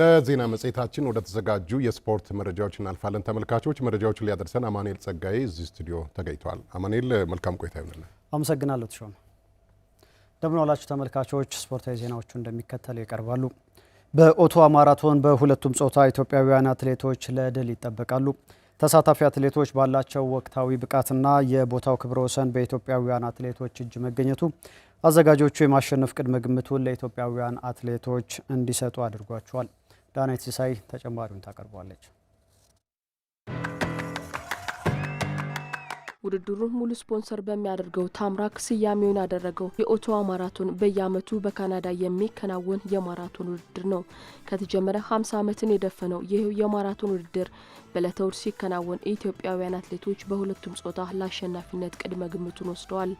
ለዜና መጽሔታችን ወደ ተዘጋጁ የስፖርት መረጃዎች እናልፋለን። ተመልካቾች መረጃዎችን ሊያደርሰን አማኑኤል ጸጋዬ እዚህ ስቱዲዮ ተገኝተዋል። አማኑኤል መልካም ቆይታ ይሆንልን። አመሰግናለሁ ትሾም። እንደምን ዋላችሁ ተመልካቾች። ስፖርታዊ ዜናዎቹ እንደሚከተሉ ይቀርባሉ። በኦቶዋ ማራቶን በሁለቱም ጾታ ኢትዮጵያውያን አትሌቶች ለድል ይጠበቃሉ። ተሳታፊ አትሌቶች ባላቸው ወቅታዊ ብቃትና የቦታው ክብረ ወሰን በኢትዮጵያውያን አትሌቶች እጅ መገኘቱ አዘጋጆቹ የማሸነፍ ቅድመ ግምቱን ለኢትዮጵያውያን አትሌቶች እንዲሰጡ አድርጓቸዋል። ዳናይት ሲሳይ ተጨማሪውን ታቀርባለች። ውድድሩን ሙሉ ስፖንሰር በሚያደርገው ታምራክ ስያሜውን ያደረገው የኦቶዋ ማራቶን በየዓመቱ በካናዳ የሚከናወን የማራቶን ውድድር ነው። ከተጀመረ 50 ዓመትን የደፈነው ይህ የማራቶን ውድድር በዕለተ እሁድ ሲከናወን ኢትዮጵያውያን አትሌቶች በሁለቱም ጾታ ለአሸናፊነት ቅድመ ግምቱን ወስደዋል።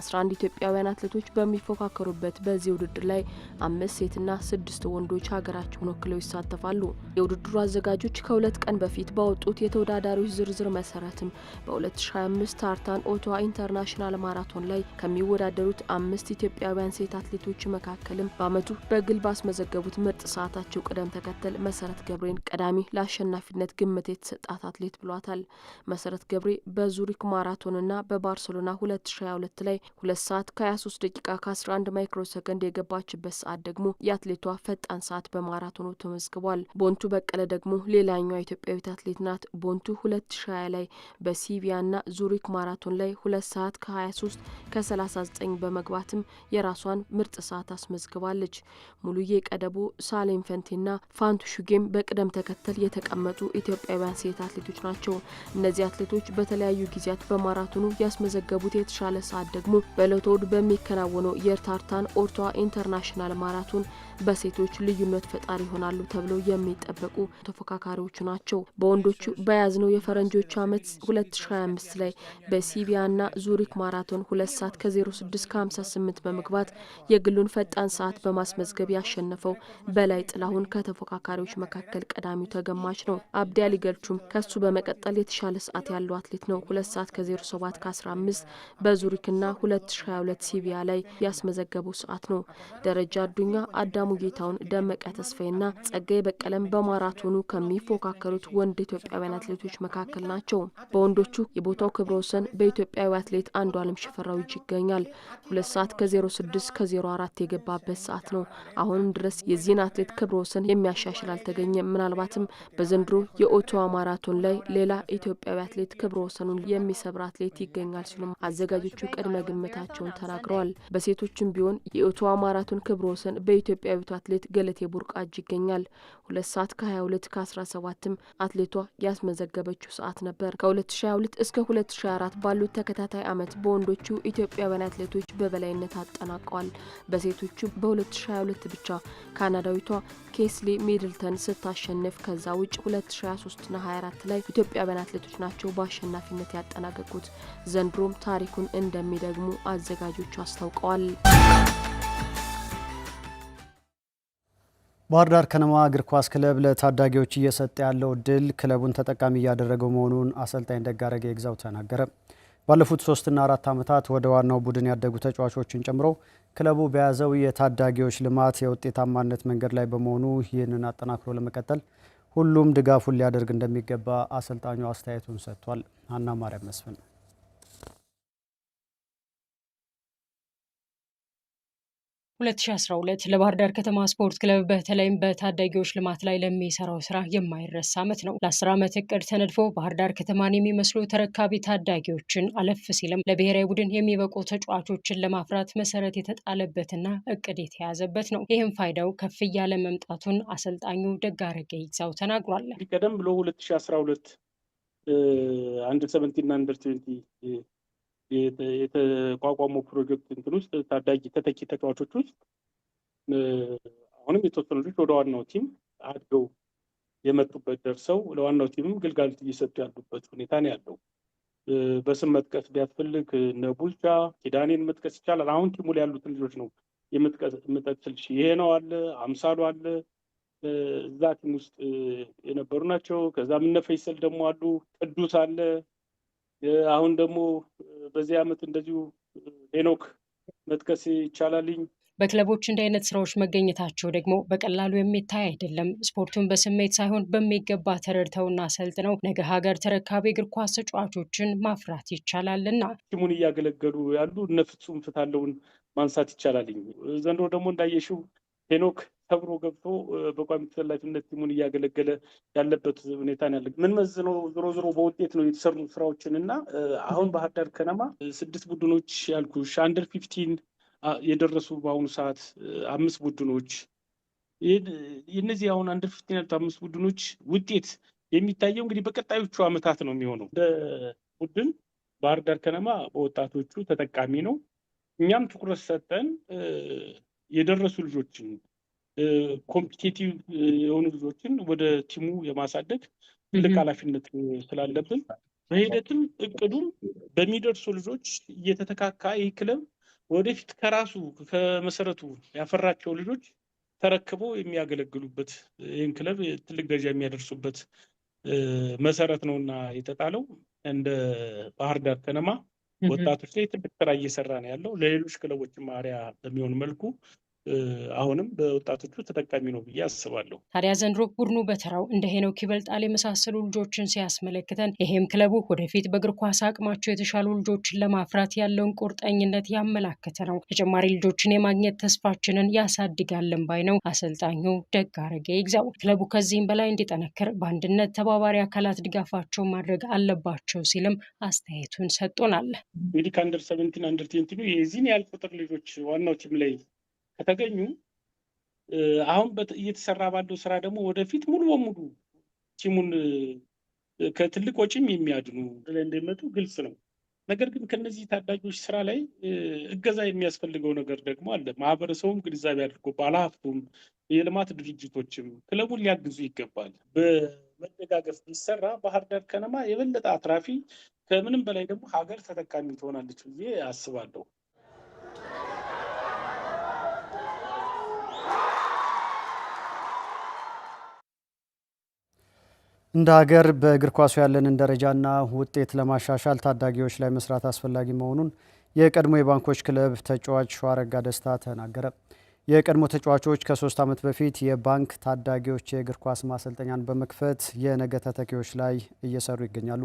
11 ኢትዮጵያውያን አትሌቶች በሚፎካከሩበት በዚህ ውድድር ላይ አምስት ሴትና ስድስት ወንዶች ሀገራቸውን ወክለው ይሳተፋሉ። የውድድሩ አዘጋጆች ከሁለት ቀን በፊት ባወጡት የተወዳዳሪዎች ዝርዝር መሰረትም በ2025 ስታርታን ኦቶዋ ኢንተርናሽናል ማራቶን ላይ ከሚወዳደሩት አምስት ኢትዮጵያውያን ሴት አትሌቶች መካከልም በዓመቱ በግል ባስመዘገቡት ምርጥ ሰዓታቸው ቅደም ተከተል መሰረት ገብሬን ቀዳሚ ለአሸናፊነት ግምት የተሰጣት አትሌት ብሏታል። መሰረት ገብሬ በዙሪክ ማራቶንና በባርሴሎና 2022 ላይ ሁለት ሰዓት ከ23 ደቂቃ ከ11 ማይክሮ ሰከንድ የገባችበት ሰዓት ደግሞ የአትሌቷ ፈጣን ሰዓት በማራቶኑ ተመዝግቧል። ቦንቱ በቀለ ደግሞ ሌላኛዋ ኢትዮጵያዊት አትሌት ናት። ቦንቱ 2020 ላይ በሲቪያና ዙሪ ዙሪክ ማራቶን ላይ ሁለት ሰዓት ከ23 ከ39 በመግባትም የራሷን ምርጥ ሰዓት አስመዝግባለች። ሙሉዬ ቀደቦ፣ ሳሌም ፈንቴና ፋንቱ ሹጌም በቅደም ተከተል የተቀመጡ ኢትዮጵያውያን ሴት አትሌቶች ናቸው። እነዚህ አትሌቶች በተለያዩ ጊዜያት በማራቶኑ ያስመዘገቡት የተሻለ ሰዓት ደግሞ በዕለቱ እሁድ በሚከናወነው የርታርታን ኦርቷ ኢንተርናሽናል ማራቶን በሴቶች ልዩነት ፈጣሪ ይሆናሉ ተብለው የሚጠበቁ ተፎካካሪዎቹ ናቸው። በወንዶቹ በያዝነው የፈረንጆቹ ዓመት 2025 ላይ በሲቢያና ዙሪክ ማራቶን ሁለት ሰዓት ከ06 ከ58 በመግባት የግሉን ፈጣን ሰዓት በማስመዝገብ ያሸነፈው በላይ ጥላሁን ከተፎካካሪዎች መካከል ቀዳሚው ተገማች ነው። አብዲ አሊ ገልቹም ከሱ በመቀጠል የተሻለ ሰዓት ያለው አትሌት ነው። ሁለት ሰዓት ከ07 ከ15 በዙሪክና 2022 ሲቢያ ላይ ያስመዘገበው ሰዓት ነው። ደረጃ አዱኛ፣ አዳሙ ጌታውን፣ ደመቀ ተስፋዬና ጸጋዬ በቀለም በማራቶኑ ከሚፎካከሩት ወንድ ኢትዮጵያውያን አትሌቶች መካከል ናቸው። በወንዶቹ የቦታው ክብረ ብሮንስን በኢትዮጵያዊ አትሌት አንዱ አለም ሽፈራው እጅ ይገኛል። ሁለት ሰዓት ከ06 ከ04 የገባበት ሰዓት ነው። አሁንም ድረስ የዚህን አትሌት ክብረ ወሰን የሚያሻሽል አልተገኘም። ምናልባትም በዘንድሮ የኦቶዋ ማራቶን ላይ ሌላ ኢትዮጵያዊ አትሌት ክብረ ወሰኑን የሚሰብር አትሌት ይገኛል ሲሉም አዘጋጆቹ ቅድመ ግምታቸውን ተናግረዋል። በሴቶችም ቢሆን የኦቶዋ ማራቶን ክብረ ወሰን በኢትዮጵያዊቱ አትሌት ገለቴ ቡርቃ እጅ ይገኛል። ሁለት ሰዓት ከ22 ከ17ም አትሌቷ ያስመዘገበችው ሰዓት ነበር። ከ2022 እስከ 2004 ባሉት ተከታታይ ዓመት በወንዶቹ ኢትዮጵያውያን አትሌቶች በበላይነት አጠናቀዋል። በሴቶቹ በ2022 ብቻ ካናዳዊቷ ኬስሊ ሚድልተን ስታሸንፍ ከዛ ውጭ 2023ና 24 ላይ ኢትዮጵያውያን አትሌቶች ናቸው በአሸናፊነት ያጠናቀቁት። ዘንድሮም ታሪኩን እንደሚደግሙ አዘጋጆቹ አስታውቀዋል። ባህር ዳር ከነማ እግር ኳስ ክለብ ለታዳጊዎች እየሰጠ ያለው እድል ክለቡን ተጠቃሚ እያደረገው መሆኑን አሰልጣኝ ደጋረገ ይግዛው ተናገረ። ባለፉት ሶስትና አራት ዓመታት ወደ ዋናው ቡድን ያደጉ ተጫዋቾችን ጨምሮ ክለቡ በያዘው የታዳጊዎች ልማት የውጤታማነት መንገድ ላይ በመሆኑ ይህንን አጠናክሮ ለመቀጠል ሁሉም ድጋፉን ሊያደርግ እንደሚገባ አሰልጣኙ አስተያየቱን ሰጥቷል። አና ማርያም መስፍን 2012 ለባህር ዳር ከተማ ስፖርት ክለብ በተለይም በታዳጊዎች ልማት ላይ ለሚሰራው ስራ የማይረሳ ዓመት ነው። ለአስር ዓመት እቅድ ተነድፎ ባህር ዳር ከተማን የሚመስሉ ተረካቢ ታዳጊዎችን አለፍ ሲልም ለብሔራዊ ቡድን የሚበቁ ተጫዋቾችን ለማፍራት መሰረት የተጣለበትና እቅድ የተያዘበት ነው። ይህም ፋይዳው ከፍ እያለ መምጣቱን አሰልጣኙ ደጋረገ ይግዛው ተናግሯል። ቀደም ብሎ 2012 አንደር ሰቨንቲ እና አንደር ትዌንቲ የተቋቋመው ፕሮጀክት እንትን ውስጥ ታዳጊ ተተኪ ተጫዋቾች ውስጥ አሁንም የተወሰኑ ልጆች ወደ ዋናው ቲም አድገው የመጡበት ደርሰው ለዋናው ቲምም ግልጋሎት እየሰጡ ያሉበት ሁኔታ ነው ያለው። በስም መጥቀስ ቢያስፈልግ እነ ቡልቻ ኪዳኔን መጥቀስ ይቻላል። አሁን ቲሙ ላይ ያሉትን ልጆች ነው የምጠቅስልሽ። ይሄ ነው አለ አምሳሉ አለ እዛ ቲም ውስጥ የነበሩ ናቸው። ከዛ ምነፈይሰል ደግሞ አሉ ቅዱስ አለ አሁን ደግሞ በዚህ ዓመት እንደዚሁ ሄኖክ መጥቀስ ይቻላልኝ። በክለቦች እንዲህ አይነት ስራዎች መገኘታቸው ደግሞ በቀላሉ የሚታይ አይደለም። ስፖርቱን በስሜት ሳይሆን በሚገባ ተረድተውና ሰልጥነው ነገ ሀገር ተረካቢ እግር ኳስ ተጫዋቾችን ማፍራት ይቻላልና ቲሙን እያገለገሉ ያሉ እነ ፍጹም ፍታለውን ማንሳት ይቻላልኝ። ዘንድሮ ደግሞ እንዳየሽው ሄኖክ ሰብሮ ገብቶ በቋሚ ተሰላፊነት ቲሙን እያገለገለ ያለበት ሁኔታ ያለ። ምን መዝኖ ዞሮ ዞሮ በውጤት ነው የተሰሩ ስራዎችን እና አሁን ባህር ዳር ከነማ ስድስት ቡድኖች ያልኩሽ አንደር ፊፍቲን የደረሱ በአሁኑ ሰዓት አምስት ቡድኖች የነዚህ አሁን አንደር ፊፍቲን ያሉት አምስት ቡድኖች ውጤት የሚታየው እንግዲህ በቀጣዮቹ አመታት ነው የሚሆነው። እንደ ቡድን ባህር ዳር ከነማ በወጣቶቹ ተጠቃሚ ነው። እኛም ትኩረት ሰጠን የደረሱ ልጆችን ኮምፒቴቲቭ የሆኑ ልጆችን ወደ ቲሙ የማሳደግ ትልቅ ኃላፊነት ስላለብን በሂደትም እቅዱም በሚደርሱ ልጆች እየተተካካ ይህ ክለብ ወደፊት ከራሱ ከመሰረቱ ያፈራቸው ልጆች ተረክበው የሚያገለግሉበት ይህን ክለብ ትልቅ ደረጃ የሚያደርሱበት መሰረት ነው እና የተጣለው እንደ ባህር ዳር ከነማ ወጣቶች ላይ ትልቅ ስራ እየሰራ ነው ያለው። ለሌሎች ክለቦች ማሪያ በሚሆን መልኩ አሁንም በወጣቶቹ ተጠቃሚ ነው ብዬ አስባለሁ። ታዲያ ዘንድሮ ቡድኑ በተራው እንደ ሄኖክ ይበልጣል የመሳሰሉ ልጆችን ሲያስመለክተን ይሄም ክለቡ ወደፊት በእግር ኳስ አቅማቸው የተሻሉ ልጆችን ለማፍራት ያለውን ቁርጠኝነት ያመላከተ ነው። ተጨማሪ ልጆችን የማግኘት ተስፋችንን ያሳድጋለን ባይ ነው አሰልጣኙ ደጋረገ ይግዛው። ክለቡ ከዚህም በላይ እንዲጠነክር በአንድነት ተባባሪ አካላት ድጋፋቸው ማድረግ አለባቸው ሲልም አስተያየቱን ሰጥቶናል። እንግዲህ ከአንደር ሰቨንቲን አንደር ቴንቲ የዚህን ያህል ቁጥር ልጆች ዋናው ቲም ላይ ከተገኙ አሁን እየተሰራ ባለው ስራ ደግሞ ወደፊት ሙሉ በሙሉ ቲሙን ከትልቅ ወጪም የሚያድኑ ላይ እንደሚመጡ ግልጽ ነው። ነገር ግን ከነዚህ ታዳጊዎች ስራ ላይ እገዛ የሚያስፈልገው ነገር ደግሞ አለ። ማህበረሰቡም ግንዛቤ አድርጎ ባለሀብቱም፣ የልማት ድርጅቶችም ክለቡን ሊያግዙ ይገባል። በመደጋገፍ ቢሰራ ባህር ዳር ከነማ የበለጠ አትራፊ ከምንም በላይ ደግሞ ሀገር ተጠቃሚ ትሆናለች ብዬ አስባለሁ። እንደ ሀገር በእግር ኳሱ ያለንን ደረጃና ውጤት ለማሻሻል ታዳጊዎች ላይ መስራት አስፈላጊ መሆኑን የቀድሞ የባንኮች ክለብ ተጫዋች ሸዋረጋ ደስታ ተናገረ። የቀድሞ ተጫዋቾች ከሶስት ዓመት በፊት የባንክ ታዳጊዎች የእግር ኳስ ማሰልጠኛን በመክፈት የነገ ተተኪዎች ላይ እየሰሩ ይገኛሉ።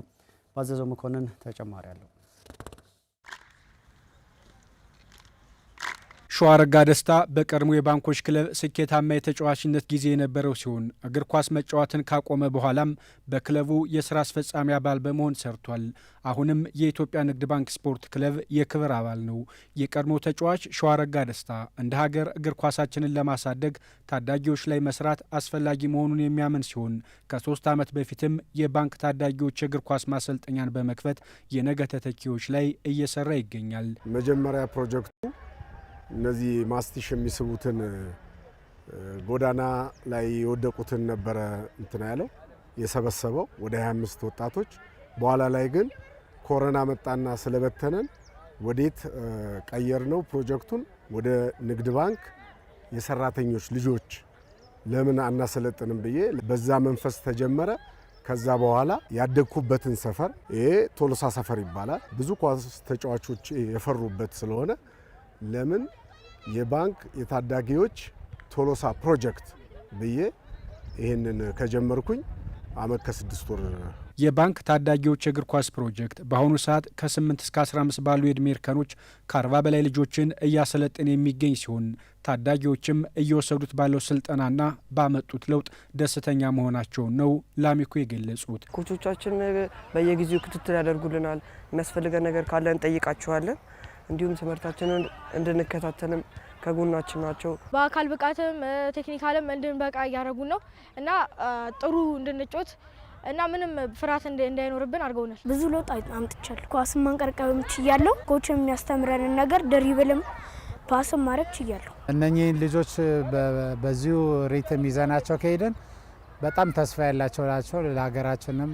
ባዘዘው መኮንን ተጨማሪ አለው። ሸዋረጋ ደስታ በቀድሞ የባንኮች ክለብ ስኬታማ የተጫዋችነት ጊዜ የነበረው ሲሆን እግር ኳስ መጫወትን ካቆመ በኋላም በክለቡ የስራ አስፈጻሚ አባል በመሆን ሰርቷል። አሁንም የኢትዮጵያ ንግድ ባንክ ስፖርት ክለብ የክብር አባል ነው። የቀድሞ ተጫዋች ሸዋረጋ ደስታ እንደ ሀገር እግር ኳሳችንን ለማሳደግ ታዳጊዎች ላይ መስራት አስፈላጊ መሆኑን የሚያምን ሲሆን ከሶስት ዓመት በፊትም የባንክ ታዳጊዎች የእግር ኳስ ማሰልጠኛን በመክፈት የነገ ተተኪዎች ላይ እየሰራ ይገኛል። መጀመሪያ ፕሮጀክቱ እነዚህ ማስቲሽ የሚስቡትን ጎዳና ላይ የወደቁትን ነበረ እንትና ያለው የሰበሰበው ወደ 25 ወጣቶች። በኋላ ላይ ግን ኮረና መጣና ስለበተነን ወዴት ቀየር ነው ፕሮጀክቱን ወደ ንግድ ባንክ የሰራተኞች ልጆች ለምን አናሰለጥንም ብዬ በዛ መንፈስ ተጀመረ። ከዛ በኋላ ያደግኩበትን ሰፈር ይሄ ቶሎሳ ሰፈር ይባላል። ብዙ ኳስ ተጫዋቾች የፈሩበት ስለሆነ ለምን የባንክ የታዳጊዎች ቶሎሳ ፕሮጀክት ብዬ ይህንን ከጀመርኩኝ አመት ከስድስት ወር የባንክ ታዳጊዎች የእግር ኳስ ፕሮጀክት በአሁኑ ሰዓት ከ8 እስከ 15 ባሉ የዕድሜ እርከኖች ከ40 በላይ ልጆችን እያሰለጠነ የሚገኝ ሲሆን ታዳጊዎችም እየወሰዱት ባለው ስልጠናና ባመጡት ለውጥ ደስተኛ መሆናቸውን ነው ላሚኮ የገለጹት። ኮቾቻችን በየጊዜው ክትትል ያደርጉልናል። የሚያስፈልገን ነገር ካለ እንጠይቃችኋለን። እንዲሁም ትምህርታችንን እንድንከታተልም ከጎናችን ናቸው። በአካል ብቃትም ቴክኒካልም እንድንበቃ እያደረጉን ነው እና ጥሩ እንድንጮት እና ምንም ፍርሃት እንዳይኖርብን አድርገውናል። ብዙ ለውጥ አምጥቻል። ኳስም ማንቀርቀብም ችያለሁ። ኮች የሚያስተምረንን ነገር ድሪብልም ፓስም ማድረግ ችያለሁ። እነኚህን ልጆች በዚሁ ሪትም ይዘናቸው ከሄደን በጣም ተስፋ ያላቸው ናቸው። ለሀገራችንም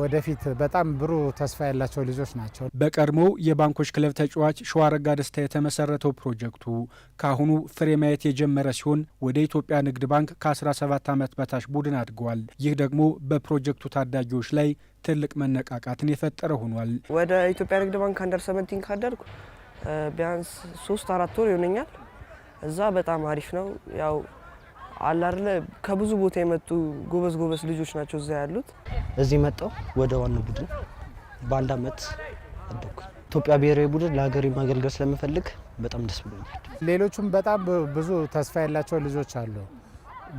ወደፊት በጣም ብሩህ ተስፋ ያላቸው ልጆች ናቸው። በቀድሞው የባንኮች ክለብ ተጫዋች ሸዋረጋ ደስታ የተመሰረተው ፕሮጀክቱ ከአሁኑ ፍሬ ማየት የጀመረ ሲሆን ወደ ኢትዮጵያ ንግድ ባንክ ከ17 ዓመት በታች ቡድን አድገዋል። ይህ ደግሞ በፕሮጀክቱ ታዳጊዎች ላይ ትልቅ መነቃቃትን የፈጠረ ሆኗል። ወደ ኢትዮጵያ ንግድ ባንክ አንደር ሰቨንቲን ካደርኩ ቢያንስ ሶስት አራት ወር ይሆነኛል። እዛ በጣም አሪፍ ነው ያው አላርለ ከብዙ ቦታ የመጡ ጎበዝ ጎበዝ ልጆች ናቸው እዛ ያሉት። እዚህ መጣው ወደ ዋናው ቡድን በአንድ አመት አደኩ። ኢትዮጵያ ብሔራዊ ቡድን ለሀገሬ ማገልገል ስለምፈልግ በጣም ደስ ብሎኛል። ሌሎቹም በጣም ብዙ ተስፋ ያላቸው ልጆች አሉ።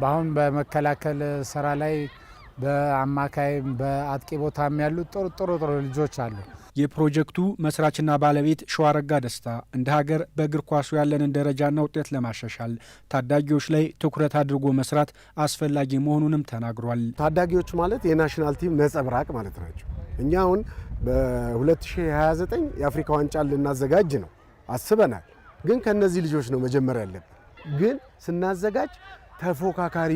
በአሁን በመከላከል ስራ ላይ በአማካይ በአጥቂ ቦታም ያሉት ጥሩ ጥሩ ጥሩ ልጆች አሉ። የፕሮጀክቱ መስራችና ባለቤት ሸዋረጋ ደስታ እንደ ሀገር በእግር ኳሱ ያለንን ደረጃና ውጤት ለማሻሻል ታዳጊዎች ላይ ትኩረት አድርጎ መስራት አስፈላጊ መሆኑንም ተናግሯል። ታዳጊዎች ማለት የናሽናል ቲም ነጸብራቅ ማለት ናቸው። እኛ አሁን በ2029 የአፍሪካ ዋንጫን ልናዘጋጅ ነው አስበናል። ግን ከእነዚህ ልጆች ነው መጀመር ያለብን። ግን ስናዘጋጅ ተፎካካሪ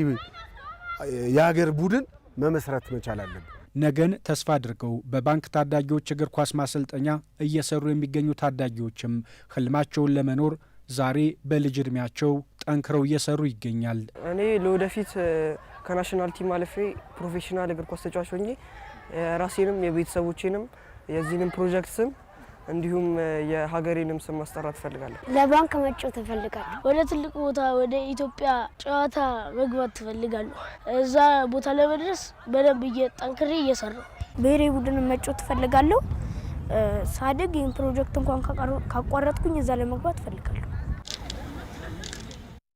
የሀገር ቡድን መመስረት መቻል አለብን። ነገን ተስፋ አድርገው በባንክ ታዳጊዎች እግር ኳስ ማሰልጠኛ እየሰሩ የሚገኙ ታዳጊዎችም ህልማቸውን ለመኖር ዛሬ በልጅ እድሜያቸው ጠንክረው እየሰሩ ይገኛል። እኔ ለወደፊት ከናሽናል ቲም አልፌ ፕሮፌሽናል እግር ኳስ ተጫዋች ሆኜ ራሴንም የቤተሰቦቼንም የዚህንም ፕሮጀክት ስም እንዲሁም የሀገሬንም ስም ማስጠራት እፈልጋለሁ። ለባንክ መጫወት እፈልጋለሁ። ወደ ትልቅ ቦታ ወደ ኢትዮጵያ ጨዋታ መግባት ትፈልጋለሁ። እዛ ቦታ ለመድረስ በደንብ ጠንክሬ እየሰራሁ ብሔራዊ ቡድን መጫወት እፈልጋለሁ። ሳድግ ይህን ፕሮጀክት እንኳን ካቋረጥኩኝ እዛ ለመግባት እፈልጋለሁ።